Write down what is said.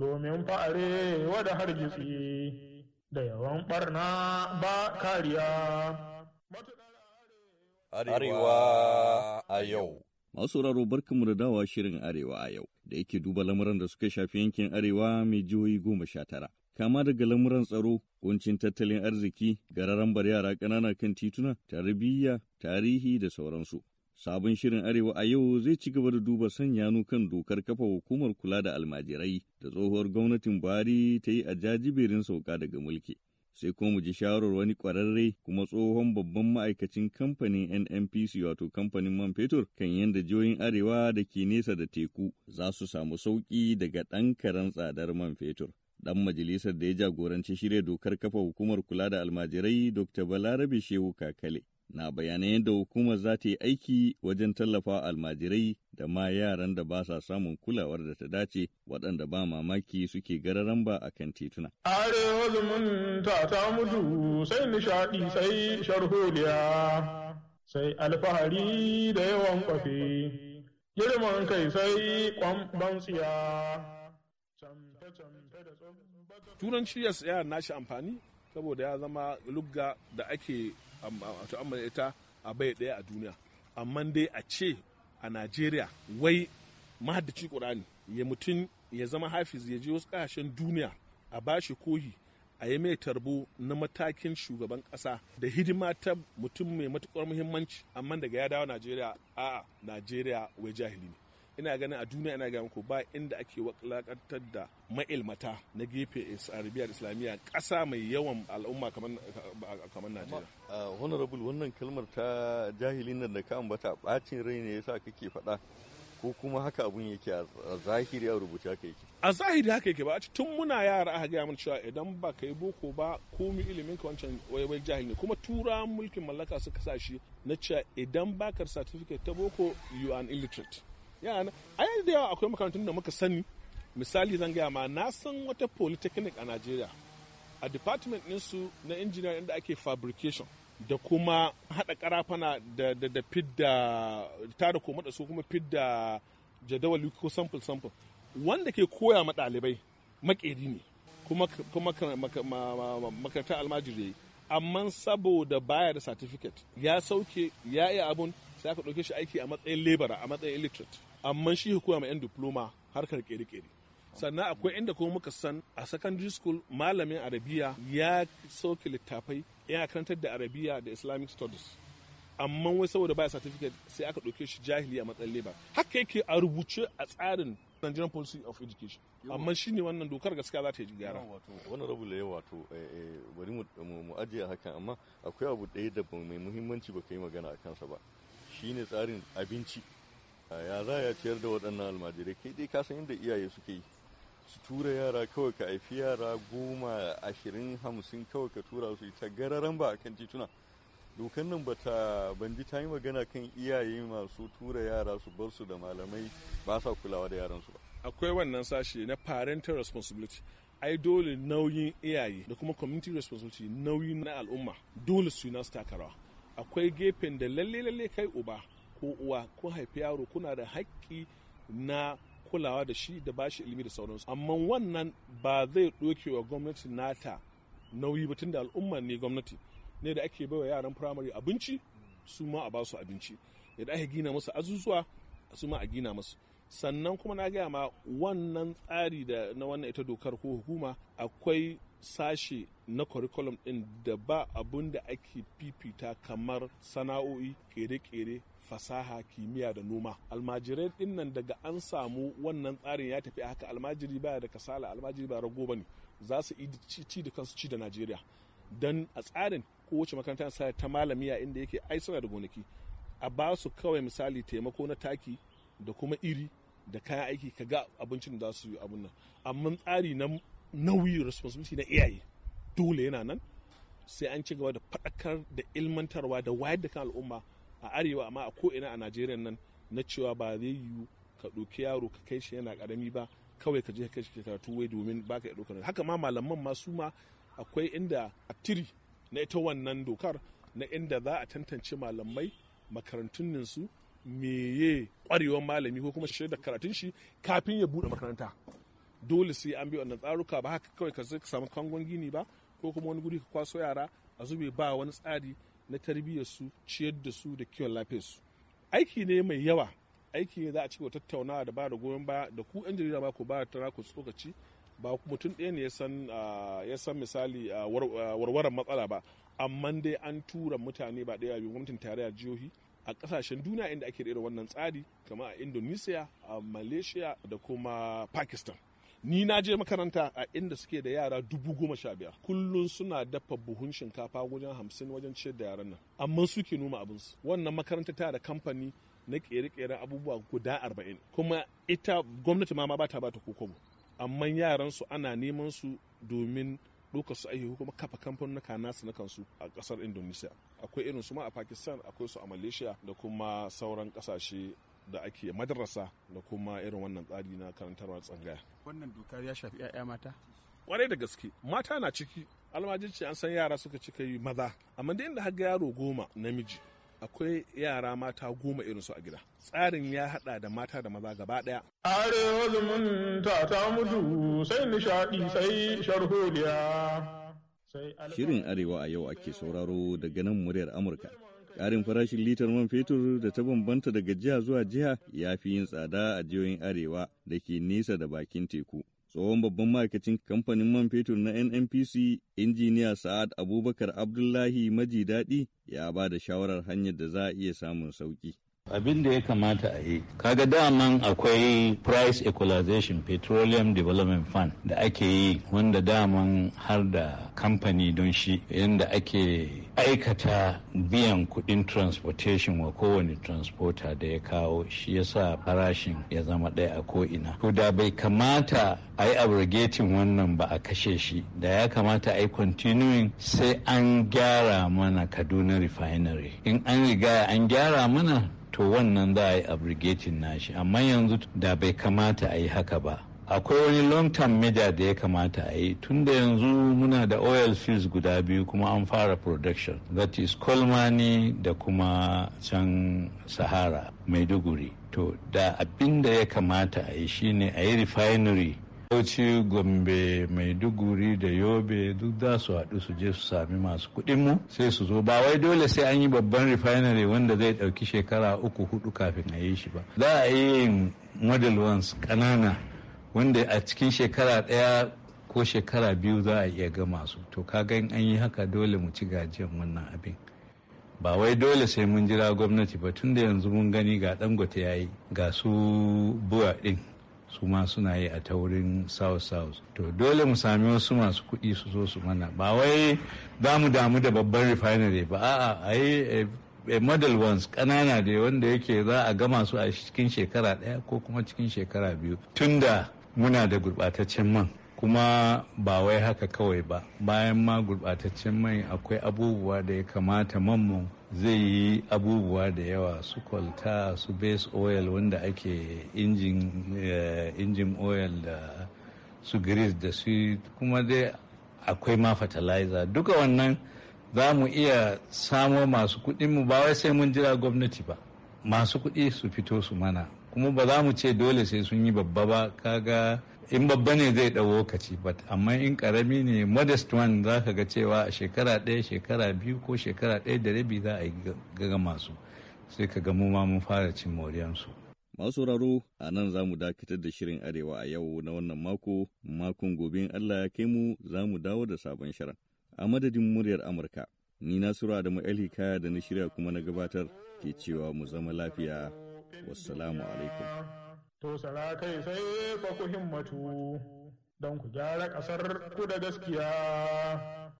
domin fa'are wada hargitsi da yawan ɓarna ba kariya. Arewa a yau Masu raro barkanmu da dawa shirin Arewa a yau, da yake duba lamuran da suka shafi yankin Arewa mai jihohi goma sha tara. Kama daga lamuran tsaro, kuncin tattalin arziki, gararan bar yara ƙanana kan tituna, tarbiyya, tarihi da sauransu. Sabon shirin Arewa a yau zai ci gaba da duba sanyanu kan dokar kafa hukumar kula da almajirai da tsohuwar gwamnatin Buhari ta yi a jajiberin sauka daga mulki. Sai kuma mu ji shawarar wani ƙwararre kuma tsohon babban ma'aikacin kamfanin NNPC wato kamfanin man fetur kan yadda jihohin Arewa da ke nesa da teku za su samu sauƙi daga ɗan karen tsadar man fetur. Ɗan majalisar da ya jagoranci shirya dokar kafa hukumar kula da almajirai Dr. Balarabe Shehu Kakale na bayanai yadda hukumar za ta yi aiki wajen tallafa almajirai da ma yaran da ba sa samun kulawar da ta dace waɗanda ba mamaki suke gararan ba a kan tituna. Arewa zumunta ta mutu sai nishaɗi sai sharholiya sai alfahari da yawan kwafe girman kai sai kwambansiya. Turanci ya tsaya nashi amfani saboda ya zama lugga da ake wato ita a bai ɗaya a duniya amma dai a ce a najeriya wai mahaddaci ƙur'ani ya mutum ya zama hafiz ya je wasu ƙasashen duniya a bashi kohi a yi mai tarbo na matakin shugaban ƙasa da hidima ta mutum mai matukar muhimmanci amma daga ya dawo najeriya a najeriya wai jahili ne ina ganin a duniya ina ganin ko ba inda ake walakantar da ma'ilmata na gefe arabiya da islamiyya ƙasa mai yawan al'umma kamar najeriya uh, honorable wannan kalmar ta jahilin nan da ka ambata bacin rai ne yasa kake faɗa ko kuma haka abun yake a zahiri a rubuce haka yake a zahiri haka yake ba a tun muna yara aka gaya mana cewa idan ba ka yi boko ba komi ilimin ka wancan waiwai jahili ne kuma tura mulkin mallaka suka sa shi na cewa idan ba ka ta boko you are illiterate yana a yanzu da yawa akwai makarantun da muka sani misali zan gaya ma na san wata polytechnic a najeriya a department ɗinsu na engineering inda ake fabrication da kuma haɗa karafana da da da fidda tara koma da su kuma fidda jadawali ko sample sample wanda ke koya ma ɗalibai makeri ne kuma makarantar almajiri amma saboda baya da certificate ya sauke ya iya abun sai aka ɗauke shi aiki a matsayin labara a matsayin illiterate amma shi hukuma mai yan diploma harkar kere-kere sannan akwai inda kuma muka san a secondary school malamin arabiya ya sauke littafai ya karantar da arabiya da islamic studies amma wai saboda baya certificate sai aka ɗauke shi jahili a matsayin leba haka yake a rubuce a tsarin Nigerian policy of education amma ne wannan dokar gaskiya za ta yi gyara wannan rabu da wato eh, eh, bari mu ajiye hakan amma akwai abu ɗaya da mai muhimmanci ba yi magana a kansa ba shi ne tsarin abinci ya za ya ciyar da waɗannan almajirai kai dai ka san inda iyaye suke yi su tura yara kawai ka haifi yara goma ashirin hamsin kawai ka tura su ta gararan ba akan tituna dokan nan bata banji ta yi magana kan iyaye masu tura yara su bar su da malamai ba sa kulawa da yaransu ba akwai wannan sashe na parental responsibility ai dole nauyin iyaye da kuma community responsibility nauyi na al'umma dole su na akwai gefen da lalle lalle kai uba ko uwa ko haifi yaro kuna da haƙƙi na kulawa da shi da bashi ilimi da sauransu amma wannan ba zai ɗoke wa gwamnati nata nauyi ba tun al'umma ne gwamnati ne da ake baiwa yaran firamare abinci su ma a basu abinci da ake gina masu azuzuwa su ma a gina masu sannan kuma na gaya ma wannan tsari da na wannan ita dokar ko hukuma akwai sashe na curriculum din da ba abun da ake fifita kamar sana'o'i kere-kere fasaha kimiyya da noma almajirai din nan daga an samu wannan tsarin ya tafi haka almajiri baya da kasala almajiri ba rago bane za su ci da kansu ci da najeriya don a tsarin kowace makaranta sa ta malami a inda yake ai suna da gonaki a ba su kawai misali taimako na taki da kuma iri da kayan aiki ka ga abincin da su yi abun nan amma tsari na nauyi responsibility na iyaye dole yana nan sai an ci gaba da faɗakar da ilmantarwa da wayar da kan al'umma a arewa amma a ko'ina a najeriya nan na cewa ba zai yiwu ka ɗauki yaro ka kai shi yana ƙarami ba kawai ka je ka kai shi karatu wai domin baka ya ɗaukar haka ma malaman ma su ma akwai inda a tiri na ita wannan dokar na inda za a tantance malamai makarantun su meye kwarewar malami ko kuma shirya da karatun shi kafin ya bude makaranta dole sai an bi wannan tsaruka ba haka kawai ka samu kangon gini ba ko kuma wani guri ka kwaso yara a zube ba wani tsari na tarbiyyar su ciyar da su da kiwon lafiyar su aiki ne mai yawa aiki ne za a ci tattaunawa da ba da goyon baya da ku yan jarida ba ku ba tara ku tsokaci ba mutum ɗaya ne ya san misali warwaran matsala ba amma dai an tura mutane ba ɗaya biyu gwamnatin tarayyar jihohi a ƙasashen duniya inda ake irin wannan tsari kamar a indonesia a malaysia da kuma pakistan ni na je makaranta a inda suke da yara dubu goma sha biyar kullum suna dafa buhun shinkafa wajen hamsin wajen ciyar da yaran nan amma suke noma su. wannan makaranta ta da kamfani na kere-keren abubuwa guda arba'in kuma ita gwamnati ma ba ta ba ta kokobo amma yaran su ana neman su domin ɗauka su aiki kuma kafa kamfanuka nasu na kansu a kasar indonesia akwai irin su ma a pakistan akwai su a malaysia da kuma sauran ƙasashe da ake madarasa da kuma irin wannan tsari na karantarwa tsangaya wannan doka ya shafi 'ya'ya mata kwarai da gaske mata na ciki almajirci an san yara suka cika yi maza amma da inda har yaro goma namiji akwai yara mata goma irin su a gida tsarin ya hada da mata da maza gaba daya are zumunta ta mutu sai nishadi sai sharholiya shirin arewa a yau ake sauraro daga nan muryar amurka Ƙarin farashin litar man fetur da ta bambanta daga jiha zuwa jiha ya fi yin tsada a jihohin arewa da ke nesa da bakin teku. tsohon babban ma'aikacin kamfanin man fetur na nnpc injiniya sa'ad abubakar abdullahi maji daɗi ya ba da shawarar hanyar da za a iya samun sauƙi abin da ya kamata a yi kaga daman akwai price equalization petroleum development fund da ake yi wanda daman har da kamfani don shi yadda ake aikata biyan kudin transportation wa kowane transporter da ya kawo shi yasa farashin ya zama ɗaya a ko'ina to da bai kamata a yi abrogating wannan ba a kashe shi da ya kamata a yi continuing sai an gyara mana kaduna refinery in an riga an gyara mana to wannan za a yi abrogating nashi amma yanzu da bai kamata a yi haka ba akwai wani long term major da ya kamata a yi tun da yanzu muna da oil fields guda biyu kuma an fara production that is kolmani da kuma can sahara maiduguri to da abin da ya kamata a yi shine a yi refinery Bauchi, Gombe, duguri da Yobe duk za su haɗu su je su sami masu kuɗin mu sai su zo ba wai dole sai an yi babban refinery wanda zai ɗauki shekara uku hudu kafin a yi shi ba. Za a yi yin model ones ƙanana wanda a cikin shekara ɗaya ko shekara biyu za a iya gama su to kaga in an yi haka dole mu ci gajiyan wannan abin. ba wai dole sai mun jira gwamnati ba tun da yanzu mun gani ga dangote ya yi ga su buwa din su ma suna yi a taurin south south to dole mu sami wasu masu kuɗi su zo su mana ba wai za mu damu da babban refinery ba a'a a yi eh, eh, model ones ƙanana da wanda yake za a gama su a cikin shekara ɗaya ko kuma cikin shekara biyu tun da muna da gurɓataccen man kuma ba wai haka kawai ba bayan ma gurɓataccen mai akwai abubuwa da ya kamata manmu zai yi abubuwa da yawa su kwalta su base oil wanda ake eh, injin oil da su grease da su kuma dai akwai ma fertilizer duka wannan za mu iya samo masu kuɗinmu ba wai sai mun jira gwamnati ba masu kuɗi su fito su mana kuma ba za mu ce dole sai sun yi babba ba kaga in babba ne zai ɗau lokaci but amma in ƙarami ne modest one za ka ga cewa a shekara ɗaya shekara biyu ko shekara ɗaya da rabi za a yi gaga masu sai ka ga mu ma mun fara cin moriyansu. Masu raro a nan za mu dakatar da shirin Arewa a yau na wannan mako, makon gobe in Allah ya kai mu za mu dawo da sabon shirin. A madadin muryar Amurka, ni na sura da ma'ali kaya da na shirya kuma na gabatar ke cewa mu zama lafiya. Wassalamu alaikum. To kai sai fa ku himmatu don ku gyara ƙasar ku da gaskiya.